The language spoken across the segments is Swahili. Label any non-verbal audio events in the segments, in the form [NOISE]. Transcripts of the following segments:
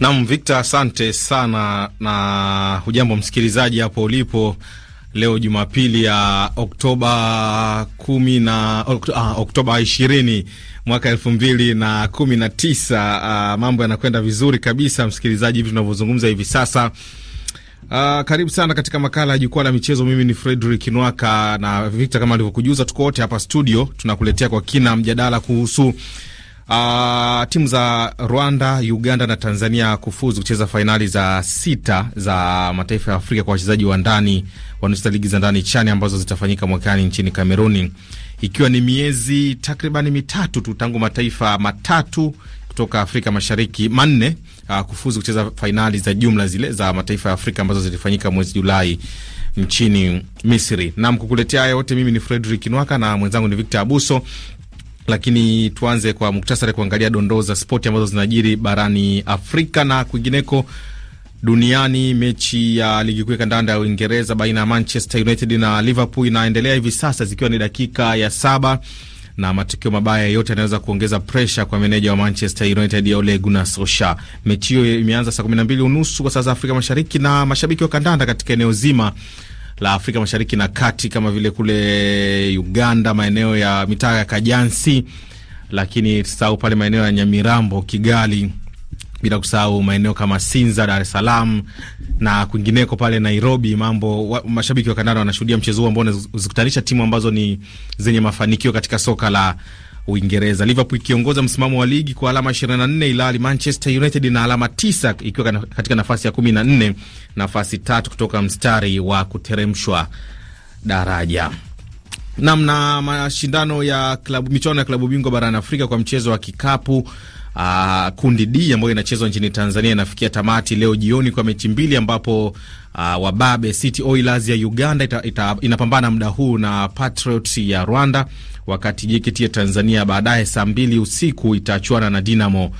Nam Victor, asante sana na hujambo msikilizaji hapo ulipo. Leo Jumapili ya Oktoba kumi na ah, Oktoba ishirini mwaka elfu mbili na kumi na tisa. Uh, mambo yanakwenda vizuri kabisa msikilizaji, hivi tunavyozungumza hivi sasa. Uh, karibu sana katika makala ya jukwaa la michezo. Mimi ni Fredrick Nwaka na Victor, kama alivyokujuza, tuko wote hapa studio tunakuletea kwa kina mjadala kuhusu Uh, timu za Rwanda, Uganda na Tanzania kufuzu kucheza fainali za sita za mataifa ya Afrika kwa wachezaji wa ndani wanaocheza ligi za ndani chani ambazo zitafanyika mwakani nchini Kameruni, ikiwa ni miezi takriban mitatu tu tangu mataifa matatu kutoka Afrika Mashariki manne uh, kufuzu kucheza fainali za jumla zile za mataifa ya Afrika ambazo zilifanyika mwezi Julai nchini Misri. Nam kukuletea haya yote mimi ni Fredrick Nwaka na mwenzangu ni Victor Abuso lakini tuanze kwa muktasari kuangalia dondoo za spoti ambazo zinajiri barani Afrika na kwingineko duniani. Mechi ya ligi kuu ya kandanda ya Uingereza baina ya Manchester United na Liverpool inaendelea hivi sasa zikiwa ni dakika ya saba, na matokeo mabaya yote yanaweza kuongeza presha kwa meneja wa Manchester United ya Ole Gunnar Solskjaer. Mechi hiyo imeanza saa kumi na mbili unusu kwa saa za Afrika Mashariki, na mashabiki wa kandanda katika eneo zima la Afrika Mashariki na Kati kama vile kule Uganda, maeneo ya mitaa ya Kajansi, lakini tusahau pale maeneo ya Nyamirambo, Kigali, bila kusahau maeneo kama Sinza, Dar es Salaam na kwingineko pale Nairobi. Mambo wa, mashabiki wa kandanda wanashuhudia mchezo huu ambao unazikutanisha timu ambazo ni zenye mafanikio katika soka la Uingereza. Liverpool ikiongoza msimamo wa ligi kwa alama 24, ilhali Manchester United na alama 9 ikiwa katika nafasi ya 14, nafasi tatu kutoka mstari wa kuteremshwa daraja. Namna mashindano ya klabu, michuano ya klabu bingwa barani Afrika kwa mchezo wa kikapu uh, kundi D ambayo inachezwa nchini Tanzania inafikia tamati leo jioni kwa mechi mbili ambapo Uh, wababe City Oilers ya Uganda ita, ita, inapambana muda huu na Patriots ya Rwanda, wakati JKT ya Tanzania baadaye saa mbili usiku itachuana na Dinamo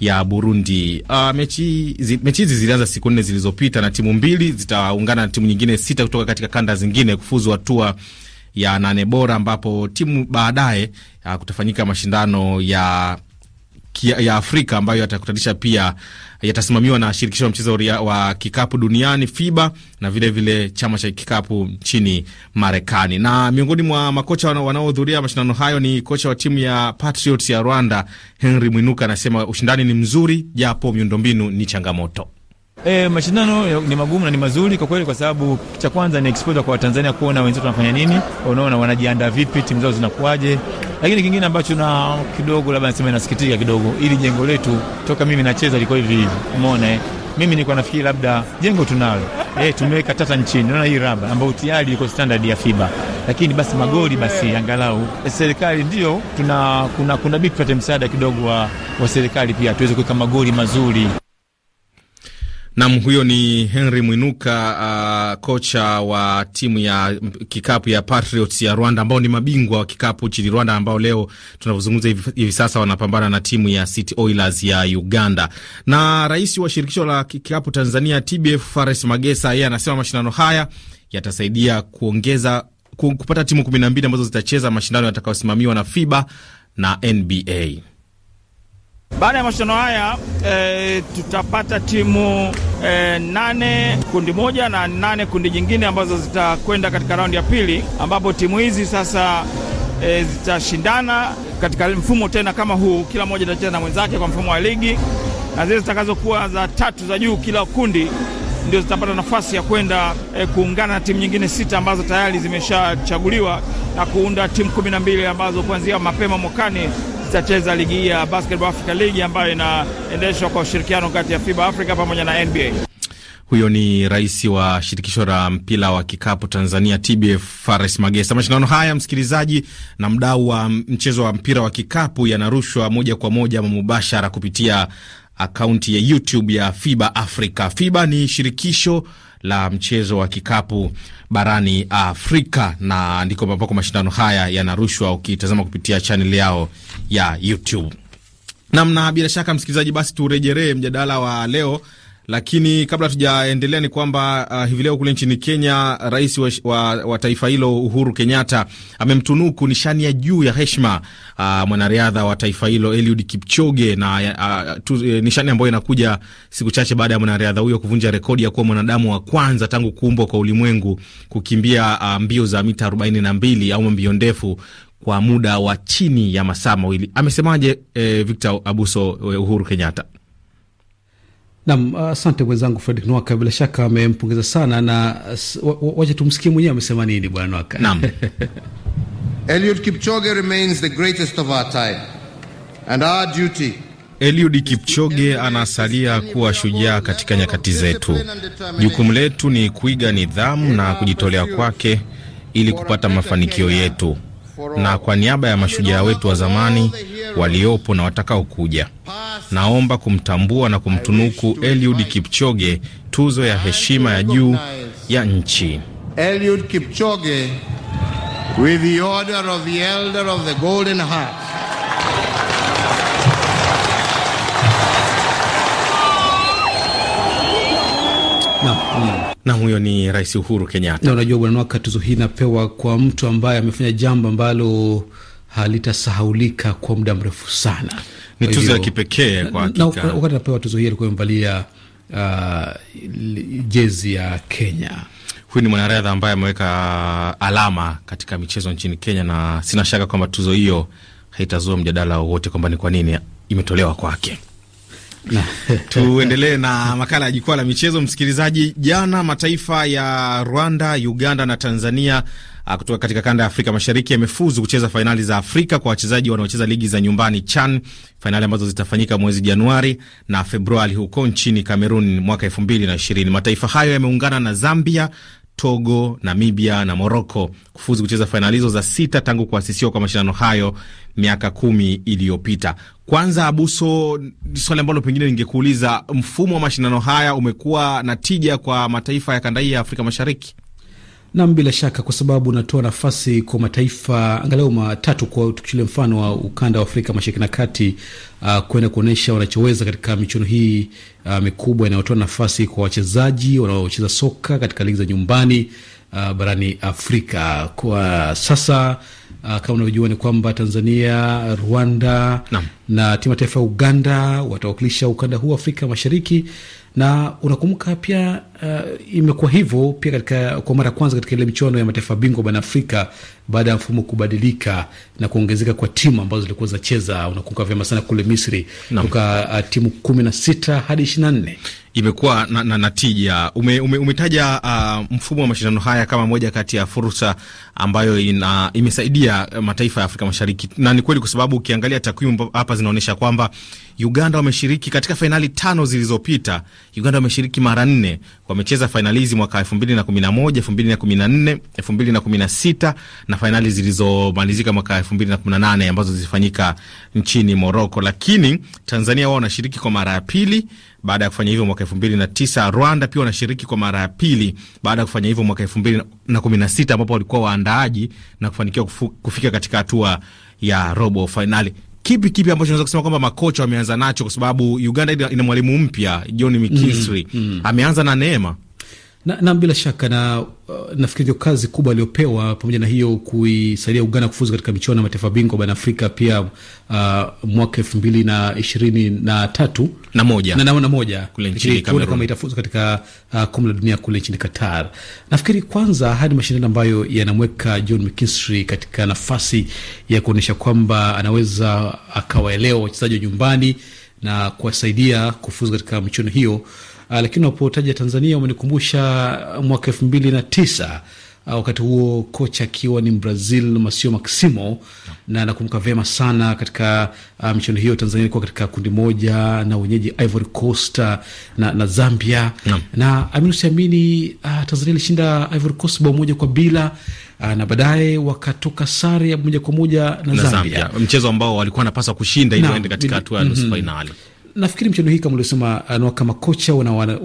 ya Burundi. Uh, mechi zi, mechi hizi zilianza siku nne zilizopita na timu mbili zitaungana na timu nyingine sita kutoka katika kanda zingine kufuzu hatua ya nane bora, ambapo timu baadaye uh, kutafanyika mashindano ya ya Afrika ambayo yatakutanisha pia yatasimamiwa na shirikisho la mchezo wa kikapu duniani FIBA na vilevile vile chama cha kikapu nchini Marekani. Na miongoni mwa makocha wanaohudhuria mashindano hayo ni kocha wa timu ya Patriots ya Rwanda, Henry Mwinuka anasema ushindani ni mzuri japo miundombinu ni changamoto. E, mashindano ni magumu na ni mazuri kwa kweli, kwa sababu cha kwanza ni exposure kwa Watanzania kuona wenzetu wanafanya nini, unaona wanajiandaa vipi, timu zao zinakuaje. Lakini kingine ambacho na kidogo labda nasema inasikitika kidogo, ili jengo letu toka mimi nacheza liko hivi hivi, umeona eh. mimi nilikuwa nafikiri labda jengo tunalo eh, tumeweka tata nchini, unaona hii raba ambayo tayari iko standard ya FIBA, lakini basi magoli basi angalau eh, serikali ndio tuna kuna, kuna bidi tupate msaada kidogo wa, wa serikali pia tuweze kuweka magoli mazuri Nam, huyo ni Henry Mwinuka, uh, kocha wa timu ya kikapu ya Patriots ya Rwanda ambao ni mabingwa wa kikapu nchini Rwanda, ambao leo tunavyozungumza hivi, sasa wanapambana na timu ya City Oilers ya Uganda. Na rais wa shirikisho la kikapu Tanzania TBF Fares Magesa, yeye anasema mashindano haya yatasaidia kuongeza kupata timu kumi na mbili ambazo zitacheza mashindano yatakayosimamiwa na FIBA na NBA. Baada ya mashindano haya e, tutapata timu e, nane kundi moja na nane kundi jingine ambazo zitakwenda katika raundi ya pili, ambapo timu hizi sasa e, zitashindana katika mfumo tena kama huu, kila moja itacheza na mwenzake kwa mfumo wa ligi, na zile zitakazokuwa za tatu za juu kila kundi ndio zitapata nafasi ya kwenda e, kuungana na timu nyingine sita ambazo tayari zimeshachaguliwa na kuunda timu kumi na mbili ambazo kuanzia mapema mwakani zitacheza ligi ya Basketball Africa League ambayo inaendeshwa kwa ushirikiano kati ya FIBA Africa pamoja na NBA. Huyo ni rais wa shirikisho la mpira wa kikapu Tanzania, TBF, Fares Magesa. Mashindano haya, msikilizaji na mdau wa mchezo wa mpira wa kikapu, yanarushwa moja kwa moja mubashara kupitia akaunti ya YouTube ya FIBA Africa. FIBA ni shirikisho la mchezo wa kikapu barani Afrika, na ndiko ambako mashindano haya yanarushwa ukitazama kupitia chaneli yao ya YouTube. Namna bila shaka msikilizaji, basi turejeree mjadala wa leo lakini kabla tujaendelea, ni kwamba uh, hivi leo kule nchini Kenya rais wa, wa, wa taifa hilo Uhuru Kenyatta amemtunuku nishani ya juu ya heshima uh, mwanariadha wa taifa hilo Eliud Kipchoge na uh, tu, uh, nishani ambayo inakuja siku chache baada ya mwanariadha huyo kuvunja rekodi ya kuwa mwanadamu wa kwanza tangu kuumbwa kwa ulimwengu kukimbia uh, mbio za mita arobaini na mbili au mbio ndefu kwa muda wa chini ya masaa mawili. Amesemaje eh, Victor Abuso eh, Uhuru Kenyatta? Nam, asante mwenzangu Fredrick Nwaka, bila shaka amempongeza sana na wacha tumsikie mwenyewe amesema nini bwana Nwaka. [LAUGHS] Eliud Kipchoge remains the greatest of our time and our duty Eliud Kipchoge anasalia kuwa shujaa katika nyakati zetu. Jukumu letu ni kuiga nidhamu na kujitolea kwake ili kupata mafanikio yetu na kwa niaba ya mashujaa wetu wa zamani waliopo na watakaokuja, naomba kumtambua na kumtunuku Eliud Kipchoge tuzo ya heshima ya juu ya nchi. Eliud Kipchoge with the order of the Elder of the Golden Heart. na huyo ni Rais Uhuru Kenyatta. Na unajua bwana Nwaka, tuzo hii inapewa kwa mtu ambaye amefanya jambo ambalo halitasahaulika kwa muda mrefu sana. Ni tuzo ya kipekee kwa hakika. Na wakati anapewa tuzo hii alikuwa amevalia uh, jezi ya Kenya. Huyu ni mwanariadha ambaye ameweka alama katika michezo nchini Kenya, na sina shaka kwamba tuzo hiyo haitazua mjadala wowote kwamba ni kwa nini imetolewa kwake. [LAUGHS] Tuendelee na makala ya jukwaa la michezo, msikilizaji. Jana mataifa ya Rwanda, Uganda na Tanzania ah, kutoka katika kanda ya Afrika Mashariki yamefuzu kucheza fainali za Afrika kwa wachezaji wanaocheza ligi za nyumbani CHAN, fainali ambazo zitafanyika mwezi Januari na Februari huko nchini Kamerun mwaka elfu mbili na ishirini. Mataifa hayo yameungana na Zambia, Togo, Namibia na Moroko kufuzu kucheza fainali hizo za sita tangu kuasisiwa kwa mashindano hayo miaka kumi iliyopita. Kwanza Abuso, swali ambalo pengine ningekuuliza, mfumo wa mashindano haya umekuwa na tija kwa mataifa ya kanda hii ya Afrika Mashariki? Nam, bila shaka, kwa sababu unatoa nafasi kwa mataifa angalau matatu, kwa tukichukulia mfano wa ukanda wa Afrika Mashariki na Kati, uh, kwenda kuonyesha wanachoweza katika michuano hii uh, mikubwa inayotoa nafasi kwa wachezaji wanaocheza soka katika ligi za nyumbani uh, barani Afrika kwa sasa. Uh, kama unavyojua ni kwamba Tanzania, Rwanda na, na timu ya taifa ya Uganda watawakilisha ukanda huu wa Afrika Mashariki na unakumbuka pia uh, imekuwa hivyo pia katika kwa mara ya kwanza katika ile michuano ya mataifa bingwa barani Afrika baada ya mfumo kubadilika na kuongezeka kwa timu ambazo zilikuwa zinacheza, unakumbuka vyema sana kule Misri, toka uh, timu kumi na sita hadi ishirini na nne imekuwa na, na, na tija. Ume, ume, umetaja uh, mfumo wa mashindano haya kama moja kati ya fursa ambayo ina, imesaidia mataifa ya Afrika Mashariki, na ni kweli, kwa sababu ukiangalia takwimu hapa zinaonyesha kwamba Uganda wameshiriki katika fainali tano zilizopita. Uganda wameshiriki mara nne, wamecheza fainali hizi mwaka elfu mbili na kumi na moja elfu mbili na kumi na nne elfu mbili na kumi na sita na fainali zilizomalizika mwaka nane ambazo zilifanyika nchini Moroko, lakini Tanzania wao wanashiriki kwa mara ya pili baada ya kufanya hivyo mwaka tisa. Rwanda pia wanashiriki kwa mara ya pili baada ya kufanya hivyo mwaka sita ambapo walikuwa waandaaji na kufanikiwa kufika katika hatua ya robo fainali. Kipi kipi ambacho unaweza kusema kwamba makocha wameanza nacho, kwa sababu Uganda ina mwalimu mpya John mm, Mkisri. mm, mm. ameanza na neema na, na bila shaka na uh, nafikiri kazi kubwa aliyopewa pamoja na hiyo kuisaidia Uganda kufuzu katika michuano ya mataifa bingwa barani Afrika pia uh, mwaka elfu mbili na ishirini na tatu na moja na, na, na moja tuone kama itafuzu katika uh, kombe la dunia kule nchini Qatar. Nafikiri kwanza hadi mashindano ambayo yanamweka John McKinstry katika nafasi ya kuonyesha kwamba anaweza akawaelewa wachezaji wa nyumbani na kuwasaidia kufuzu katika michuano hiyo Ah, lakini unapotaja Tanzania umenikumbusha mwaka elfu mbili na tisa ah, wakati huo kocha akiwa ni Brazil Masio Maximo no. na nakumbuka vyema sana katika uh, michuano hiyo Tanzania ilikuwa katika kundi moja na wenyeji Ivory Coast na, na Zambia no. na amini usiamini, uh, Tanzania ilishinda Ivory Coast bao moja kwa bila na baadaye wakatoka sare ya moja kwa moja na, na Zambia, Zambia, mchezo ambao walikuwa wanapaswa kushinda ili waende katika hatua ya nusu mhm. fainali nafikiri mchezo hii kama uliosema uh, kama kocha wanawaaminisha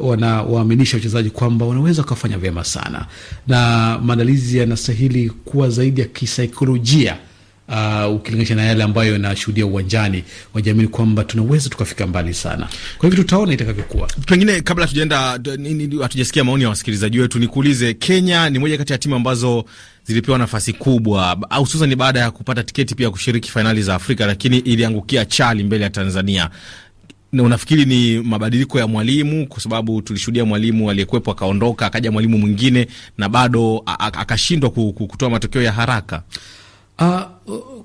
wana, wana, wachezaji kwamba wanaweza wakafanya vyema sana, na maandalizi yanastahili kuwa zaidi ya kisaikolojia uh, ukilinganisha na yale ambayo inashuhudia uwanjani, wajamini kwamba tunaweza tukafika mbali sana. Kwa hivyo tutaona itakavyokuwa. Pengine kabla hatujaenda, hatujasikia maoni ya wasikilizaji wetu, nikuulize, Kenya ni moja kati ya timu ambazo zilipewa nafasi kubwa hususan baada ya kupata tiketi pia kushiriki fainali za Afrika, lakini iliangukia chali mbele ya Tanzania. Na unafikiri ni mabadiliko ya mwalimu? Kwa sababu tulishuhudia mwalimu aliyekuwepo akaondoka, akaja mwalimu mwingine na bado akashindwa kutoa matokeo ya haraka. Uh,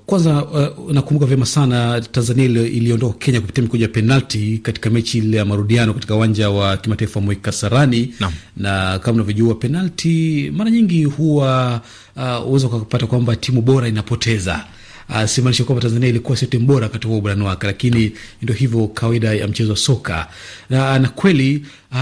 kwanza uh, nakumbuka vyema sana Tanzania iliondoka Kenya kupitia mikoja ya penalti katika mechi ile ya marudiano katika uwanja wa kimataifa Moi Kasarani na, na kama unavyojua penalti mara nyingi huwa uh, uweza ukapata kwamba timu bora inapoteza uh, kwamba Tanzania ilikuwa sio timu bora katika uburani wake, lakini ndio hivyo, kawaida ya mchezo wa soka na, na kweli uh,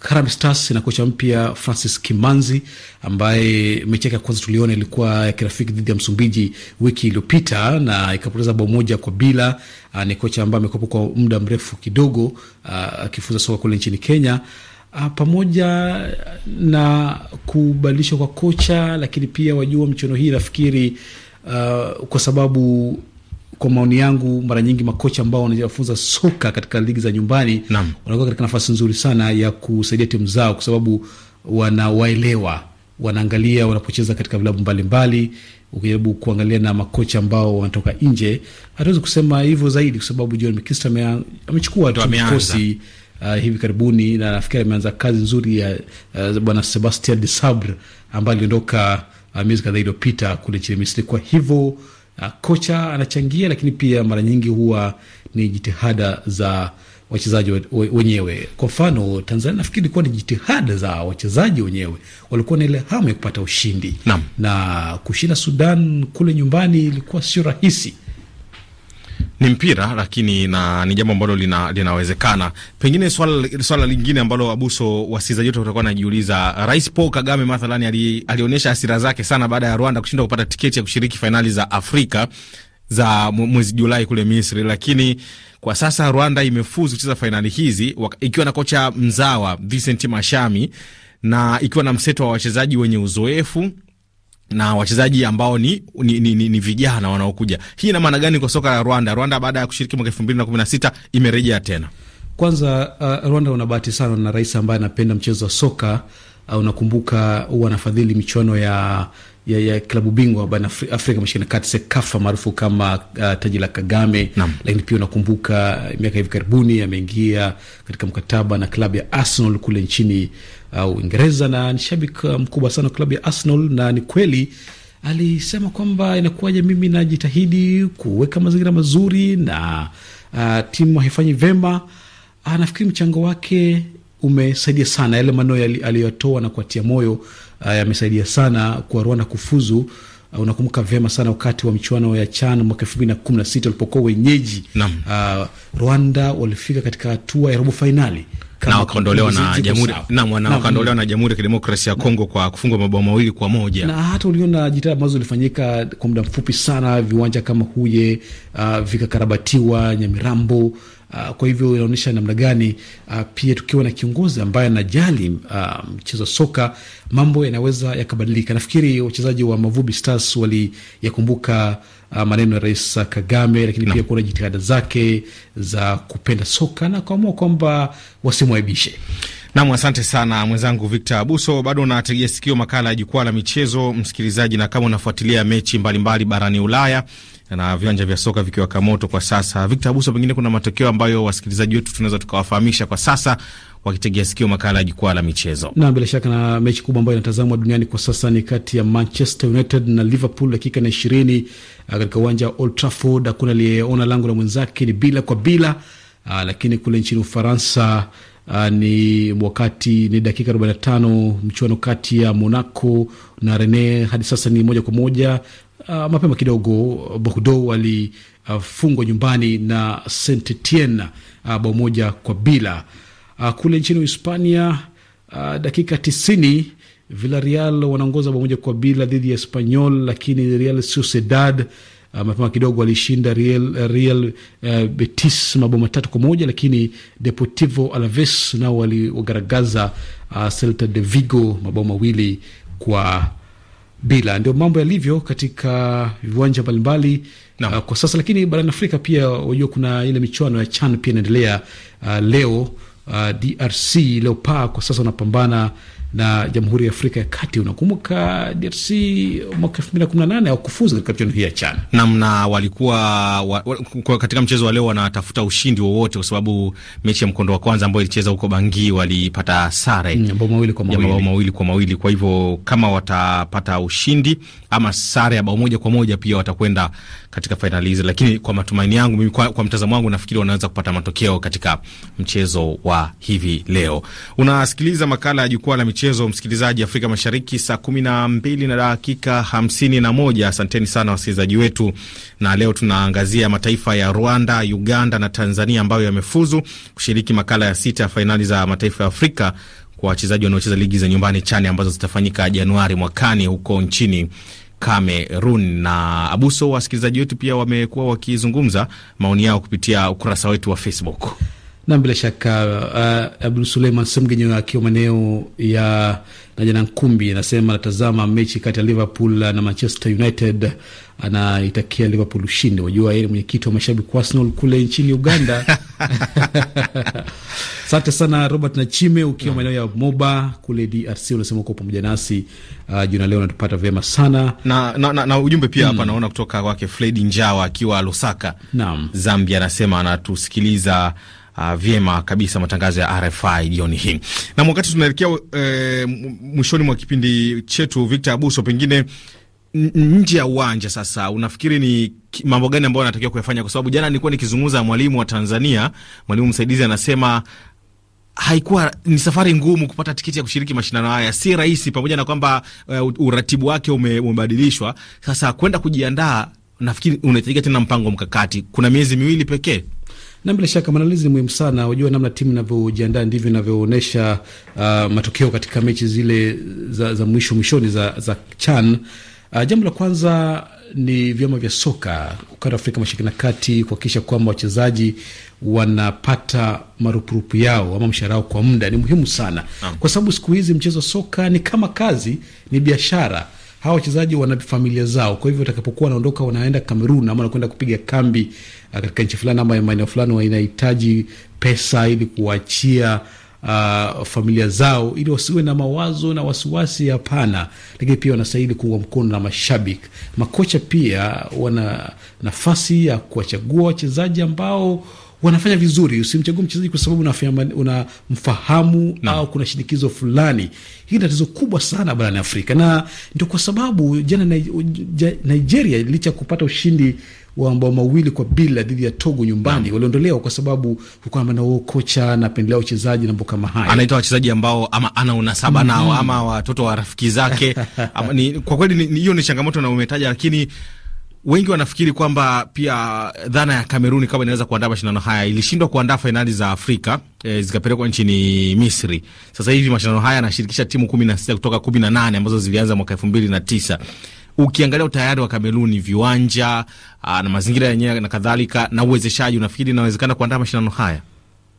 Harambee Stars na kocha mpya Francis Kimanzi ambaye mechi yake ya kwanza tuliona ilikuwa ya kirafiki dhidi ya Msumbiji wiki iliyopita na ikapoteza bao moja kwa bila. Uh, ni kocha ambaye amekuwepo kwa muda mrefu kidogo akifunza soka kule nchini Kenya pamoja na kubadilishwa kwa kocha, lakini pia wajua, michuano hii nafikiri uh, kwa sababu kwa maoni yangu, mara nyingi makocha ambao wanajifunza soka katika ligi za nyumbani wanakuwa katika nafasi nzuri sana ya kusaidia timu zao, kwa sababu wanawaelewa, wanaangalia wanapocheza katika vilabu mbalimbali. Ukijaribu kuangalia na makocha ambao wanatoka nje, hatuwezi kusema hivyo zaidi, kwa sababu John McKinstry amechukua tu kikosi Uh, hivi karibuni na nafikiri ameanza kazi nzuri ya uh, bwana Sebastian de Sabre ambaye aliondoka uh, miezi kadhaa iliyopita kule nchini Misri. Kwa hivyo uh, kocha anachangia, lakini pia mara nyingi huwa ni jitihada za wachezaji wenyewe. Kwa mfano Tanzania, nafikiri ilikuwa ni jitihada za wachezaji wenyewe, walikuwa na ile hamu ya kupata ushindi na, na kushinda Sudan kule nyumbani ilikuwa sio rahisi ni mpira lakini na ni jambo ambalo lina, linawezekana. Pengine swala, swala lingine ambalo abuso wasikilizaji wote watakuwa najiuliza, Rais Paul Kagame mathalani ali, alionyesha hasira zake sana baada ya Rwanda kushindwa kupata tiketi ya kushiriki fainali za Afrika za mwezi Julai kule Misri, lakini kwa sasa Rwanda imefuzu kucheza fainali hizi ikiwa na kocha mzawa Vincent Mashami na ikiwa na mseto wa wachezaji wenye uzoefu na wachezaji ambao ni, ni, ni, ni, ni vijana wanaokuja. Hii ina maana gani kwa soka la Rwanda? Rwanda baada ya kushiriki mwaka elfu mbili na kumi na sita imerejea tena. Kwanza uh, Rwanda wana bahati sana na rais ambaye anapenda mchezo wa soka. Uh, unakumbuka huwa anafadhili michuano ya ya, ya klabu bingwa barani Afrika Mashariki na Kati SEKAFA maarufu kama uh, taji la Kagame. Lakini pia unakumbuka miaka hivi karibuni ameingia katika mkataba na klabu ya Arsenal kule nchini uh, Uingereza na ni shabiki uh, mkubwa sana wa klabu ya Arsenal, na ni kweli alisema kwamba inakuwaje, mimi najitahidi kuweka mazingira mazuri na uh, timu haifanyi vyema. Anafikiri uh, mchango wake umesaidia sana, yale maneno aliyotoa na kuatia moyo uh, yamesaidia sana kwa Rwanda kufuzu. Uh, unakumbuka vyema sana wakati wa michuano ya CHAN mwaka elfu mbili na kumi na sita walipokuwa wenyeji uh, Rwanda walifika katika hatua ya robo fainali na wakaondolewa na jamhuri na wakaondolewa mm. na Jamhuri ya Kidemokrasia ya Kongo kwa kufungwa mabao mawili kwa moja. Na hata uliona jitihada ambazo zilifanyika kwa muda mfupi sana, viwanja kama Huye uh, vikakarabatiwa Nyamirambo Uh, kwa hivyo inaonyesha namna gani uh, pia tukiwa na kiongozi ambaye anajali uh, mchezo wa soka mambo yanaweza yakabadilika. Nafikiri wachezaji wa Mavubi Stars waliyakumbuka uh, maneno ya Rais Kagame, lakini no. pia kuona jitihada zake za kupenda soka na kuamua kwamba wasimwaibishe. Nam, asante sana mwenzangu Victor Abuso. Bado unategea sikio makala ya jukwaa la michezo, msikilizaji, na kama unafuatilia mechi mbalimbali mbali barani Ulaya na viwanja vya soka vikiwaka moto kwa sasa, Victor Abuso, pengine kuna matokeo ambayo wasikilizaji wetu tunaweza tukawafahamisha kwa sasa wakitegea sikio makala ya jukwaa la michezo. Na bila shaka na mechi kubwa ambayo inatazamwa duniani kwa sasa ni kati ya Manchester United na Liverpool dakika na ishirini uh, katika uwanja wa Old Trafford. Hakuna aliyeona lango la mwenzake, ni bila kwa bila. Aa, uh, lakini kule nchini Ufaransa Uh, ni wakati ni dakika 45 mchuano kati ya Monaco na Rene hadi sasa ni moja kwa moja. Uh, mapema kidogo Bordeaux alifungwa ah, uh, nyumbani na Saint Etienne uh, bao moja kwa bila. Uh, kule nchini Hispania uh, dakika tisini Villarreal wanaongoza bao moja kwa bila dhidi ya Espanyol, lakini Real Sociedad Uh, mapema kidogo walishinda Real, eh, Real uh, Betis mabao matatu kwa moja, lakini Deportivo Alaves nao waliwagaragaza uh, Celta de Vigo mabao mawili kwa bila. Ndio mambo yalivyo katika viwanja mbalimbali uh, kwa sasa, lakini barani Afrika pia wajua kuna ile michuano ya CHAN pia inaendelea uh, leo uh, DRC leopa kwa sasa wanapambana na Jamhuri ya Afrika ya Kati. Unakumbuka DRC mwaka nane hawakufuzu katika michuano hii ya CHAN namna walikuwa wa, wa, katika mchezo wa leo wanatafuta ushindi wowote, kwa sababu mechi ya mkondo wa kwanza ambayo ilicheza huko Bangi walipata sare mm, ya mabao mawili kwa mawili, mabao mawili kwa mawili. Kwa hivyo kama watapata ushindi ama sare ya bao moja kwa moja, pia watakwenda katika fainali hizi, lakini kwa matumaini yangu mimi, kwa, kwa mtazamo wangu nafikiri wanaweza kupata matokeo katika mchezo wa hivi leo. Unasikiliza makala ya jukwaa la michezo, msikilizaji Afrika Mashariki, saa kumi na mbili na dakika hamsini na moja. Asanteni sana wasikilizaji wetu, na leo tunaangazia mataifa ya Rwanda, Uganda na Tanzania ambayo yamefuzu kushiriki makala ya sita ya fainali za mataifa ya Afrika kwa wachezaji wanaocheza ligi za nyumbani chani ambazo zitafanyika Januari mwakani huko nchini Kamerun. Na Abuso, wasikilizaji wetu pia wamekuwa wakizungumza maoni yao kupitia ukurasa wetu wa Facebook na bila shaka uh, Abdul Suleiman Semgenyo akiwa maeneo ya Najana Nkumbi anasema anatazama mechi kati ya Liverpool na Manchester United, anaitakia Liverpool ushindi. Wajua yeye mwenyekiti wa mashabiki wa Arsenal kule nchini Uganda. [LAUGHS] Asante sana Robert Nachime ukiwa maeneo ya Moba kule DRC, unasema uko pamoja nasi uh, juna leo natupata vyema sana na, na, na, na ujumbe pia hapa mm, naona kutoka kwake Fredi Njawa akiwa Lusaka, Naam, Zambia, anasema anatusikiliza uh, vyema kabisa matangazo ya RFI jioni hii. Na wakati tunaelekea e, mwishoni mwa kipindi chetu, Victor Abuso, pengine nje ya uwanja sasa, unafikiri ni mambo gani ambayo anatakiwa kuyafanya? Kwa sababu jana nilikuwa nikizungumza mwalimu wa Tanzania, mwalimu msaidizi anasema haikuwa ni safari ngumu kupata tiketi ya kushiriki mashindano haya, si rahisi, pamoja na kwamba uh, uratibu wake ume, umebadilishwa. Sasa kwenda kujiandaa, nafikiri unahitajika tena mpango mkakati. Kuna miezi miwili pekee na bila shaka maandalizi ni muhimu sana. Wajua namna timu inavyojiandaa ndivyo inavyoonyesha uh, matokeo katika mechi zile za, za mwisho mwishoni za, za CHAN. Uh, jambo la kwanza ni vyama vya soka ukanda wa Afrika Mashariki na Kati kuhakikisha kwamba wachezaji wanapata marupurupu yao ama mshahara wao kwa muda. Ni muhimu sana, kwa sababu siku hizi mchezo wa soka ni kama kazi, ni biashara hawa wachezaji wana familia zao, kwa hivyo watakapokuwa wanaondoka wanaenda Kamerun ama wanakwenda kupiga kambi uh, katika nchi fulani ama maeneo fulani, wanahitaji pesa ili kuachia Uh, familia zao ili wasiwe na mawazo na wasiwasi. Hapana, lakini pia wanastahili kuungwa mkono na mashabiki. Makocha pia wana nafasi ya kuwachagua wachezaji ambao wanafanya vizuri. Usimchagua mchezaji kwa sababu unamfahamu no. au kuna shinikizo fulani. Hii tatizo kubwa sana barani Afrika, na ndio kwa sababu jana Nigeria licha ya kupata ushindi wa mabao mawili kwa bila dhidi ya Togo nyumbani, waliondolewa kwa sababu na kocha napendelea wachezaji na mambo kama haya, anaita wachezaji ambao ama ana unasaba mm -hmm. nao mm-hmm. ama watoto wa rafiki zake [LAUGHS] ama, ni, kwa kweli hiyo ni, ni changamoto na umetaja lakini wengi wanafikiri kwamba pia dhana ya Kameruni kama inaweza kuandaa mashindano haya, ilishindwa kuandaa fainali za Afrika e, zikapelekwa nchini Misri. Sasa hivi mashindano haya yanashirikisha timu kumi na sita kutoka kumi na nane ambazo zilianza mwaka elfu mbili na tisa. Ukiangalia utayari wa Kameruni, viwanja a, ah, na mazingira yenyewe na kadhalika na uwezeshaji, unafikiri inawezekana kuandaa mashindano haya?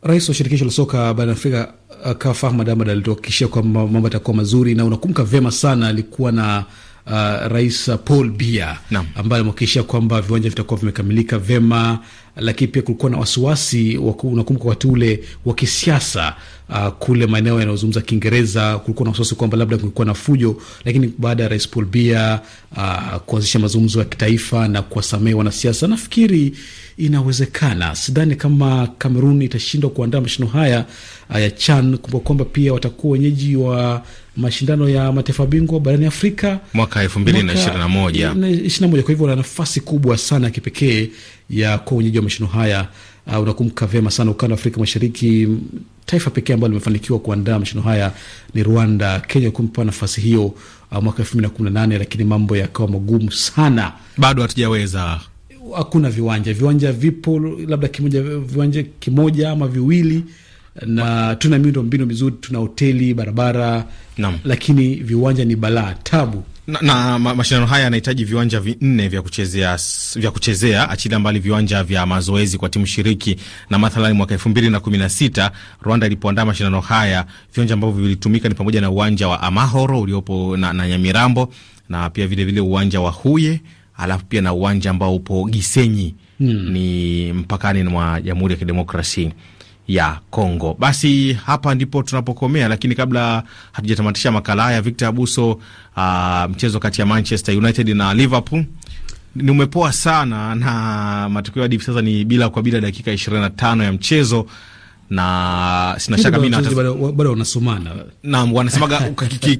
Rais wa shirikisho la soka barani Afrika CAF eh, Ahmad Ahmad alituhakikishia kwamba mambo yatakuwa mazuri, na unakumbuka vyema sana alikuwa na uh, Rais Paul Bia ambaye alimhakikishia kwamba viwanja vitakuwa vimekamilika vema, lakini pia kulikuwa na wasiwasi, unakumbuka wakati ule wa kisiasa uh, kule maeneo yanayozungumza Kiingereza, kulikuwa na wasiwasi kwamba labda kulikuwa na fujo, lakini baada ya Rais Paul Bia uh, kuanzisha mazungumzo ya kitaifa na kuwasamehe wanasiasa, nafikiri inawezekana. Sidhani kama Kamerun itashindwa kuandaa mashindano haya uh, ya CHAN. Kumbuka kwamba pia watakuwa wenyeji wa mashindano ya mataifa bingwa barani Afrika mwaka elfu mbili na na na ishirini moja moja. Kwa hivyo ana nafasi kubwa sana ya kipekee ya kuwa wenyeji wa mashindano haya. Uh, unakumbuka vyema sana ukanda wa Afrika Mashariki, taifa pekee ambalo limefanikiwa kuandaa mashindano haya ni Rwanda. Kenya kumpa nafasi hiyo uh, mwaka elfu mbili na na kumi nane lakini mambo yakawa magumu sana, bado hatujaweza hakuna viwanja. Viwanja vipo labda kimoja, viwanja kimoja ama viwili na tuna miundo mbinu mizuri, tuna hoteli, barabara Nam. lakini viwanja ni balaa tabu na, na ma, mashindano haya yanahitaji viwanja vinne vya kuchezea vya kuchezea achilia mbali viwanja vya mazoezi kwa timu shiriki. Na mathalani mwaka elfu mbili na kumi na sita Rwanda ilipoandaa mashindano haya, viwanja ambavyo vilitumika ni pamoja na uwanja wa Amahoro uliopo na, na Nyamirambo na pia vilevile vile uwanja wa Huye alafu pia na uwanja ambao upo Gisenyi hmm. ni mpakani mwa Jamhuri ya Kidemokrasia ya Kongo. Basi hapa ndipo tunapokomea, lakini kabla hatujatamatisha makala haya, Victor Abuso, uh, mchezo kati ya Manchester United na Liverpool nimepoa sana na matokeo hadi hivi sasa ni bila kwa bila, dakika 25 ya mchezo na sina shaka mimi bado wanasomana. Naam, wanasemaga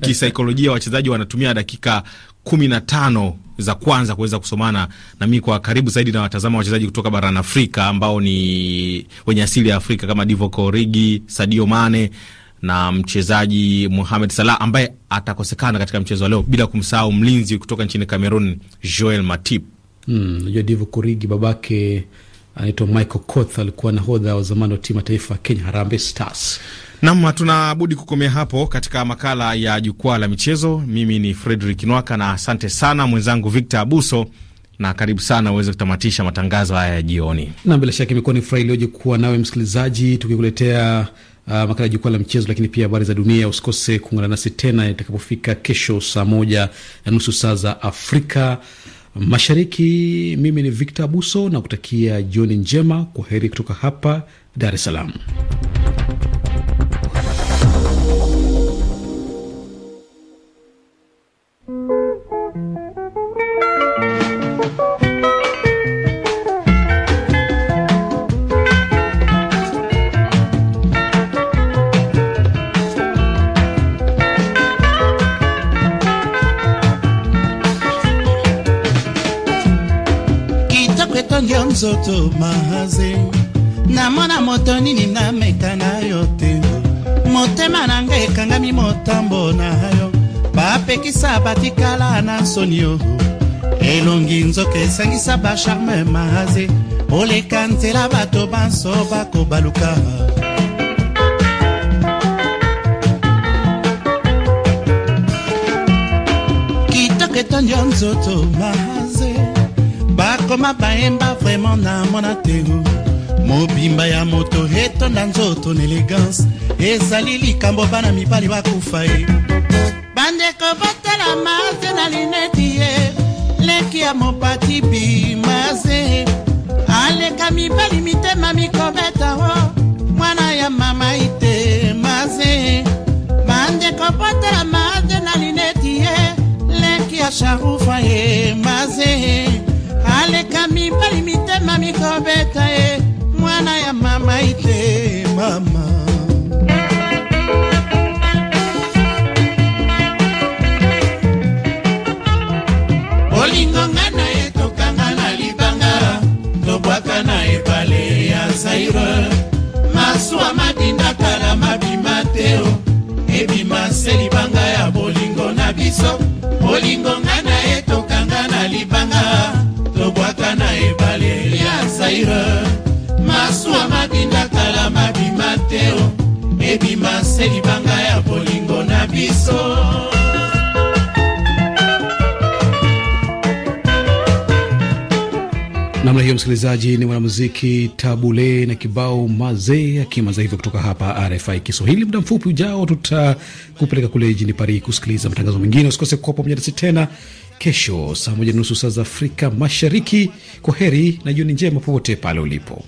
kisaikolojia wachezaji wanatumia dakika kumi na tano za kwanza kuweza kusomana na mimi kwa karibu zaidi na watazama wachezaji kutoka barani Afrika ambao ni wenye asili ya Afrika kama Divock Origi, Sadio Mane na mchezaji Mohamed Salah ambaye atakosekana katika mchezo wa leo, bila kumsahau mlinzi kutoka nchini Cameroon Joel Matip. Mm, hmm, Divock Origi babake anaitwa Michael Koth, alikuwa nahodha wa zamani wa timu ya taifa ya Kenya Harambee Stars. Nam, hatuna budi kukomea hapo katika makala ya jukwaa la michezo. Mimi ni Fredrik Nwaka na asante sana mwenzangu Victor Abuso na karibu sana uweze kutamatisha matangazo haya ya jioni. Na bila shaka imekuwa ni furaha iliyoje kuwa nawe msikilizaji, tukikuletea uh, makala ya jukwaa la michezo, lakini pia habari za dunia. Usikose kuungana nasi tena itakapofika kesho saa moja na nusu saa za Afrika Mashariki. Mimi ni Victor Abuso na kutakia jioni njema. Kwa heri kutoka hapa Dar es Salaam. nzoto mahaze namona moto nini nameka na yo te motema na ngai ekangami motambo na yo bapekisa batikala na nsoni yo elongi nzoka esangisa basharme mahaze oleka nzela bato banso bakobaluka kitoko etondi yo nzoto mahaze nakoma bayemba vraimen na mwana tero mobimba ya moto etonda nzoto na elegance ezali likambo bana mibali bakufa ye bandeko botala maze na lineti ye leki ya mopati bimaze aleka mibali mitema mikobeta o mwana ya mama ite maze bandeko botala maze na lineti ye leki ya sharufa ye maze aleka mibali mitema mikobeta ye mwana ya mama ite mama bolingonga na ye tokanga na libanga tobwaka na ebale ya zaire masuwa madindaka na mabima teo ebima se libanga ya bolingo na biso bolingonga zaire masuwa makinda kala mabima teo ebima se libanga ya bolingo na biso namna hiyo msikilizaji ni mwanamuziki tabule na kibao mazee akimaza hivyo kutoka hapa rfi kiswahili muda mfupi ujao tutakupeleka kule jijini paris kusikiliza matangazo mengine usikose kuwa pamoja nasi tena kesho saa moja nusu saa za Afrika Mashariki. Kwa heri na jioni njema popote pale ulipo.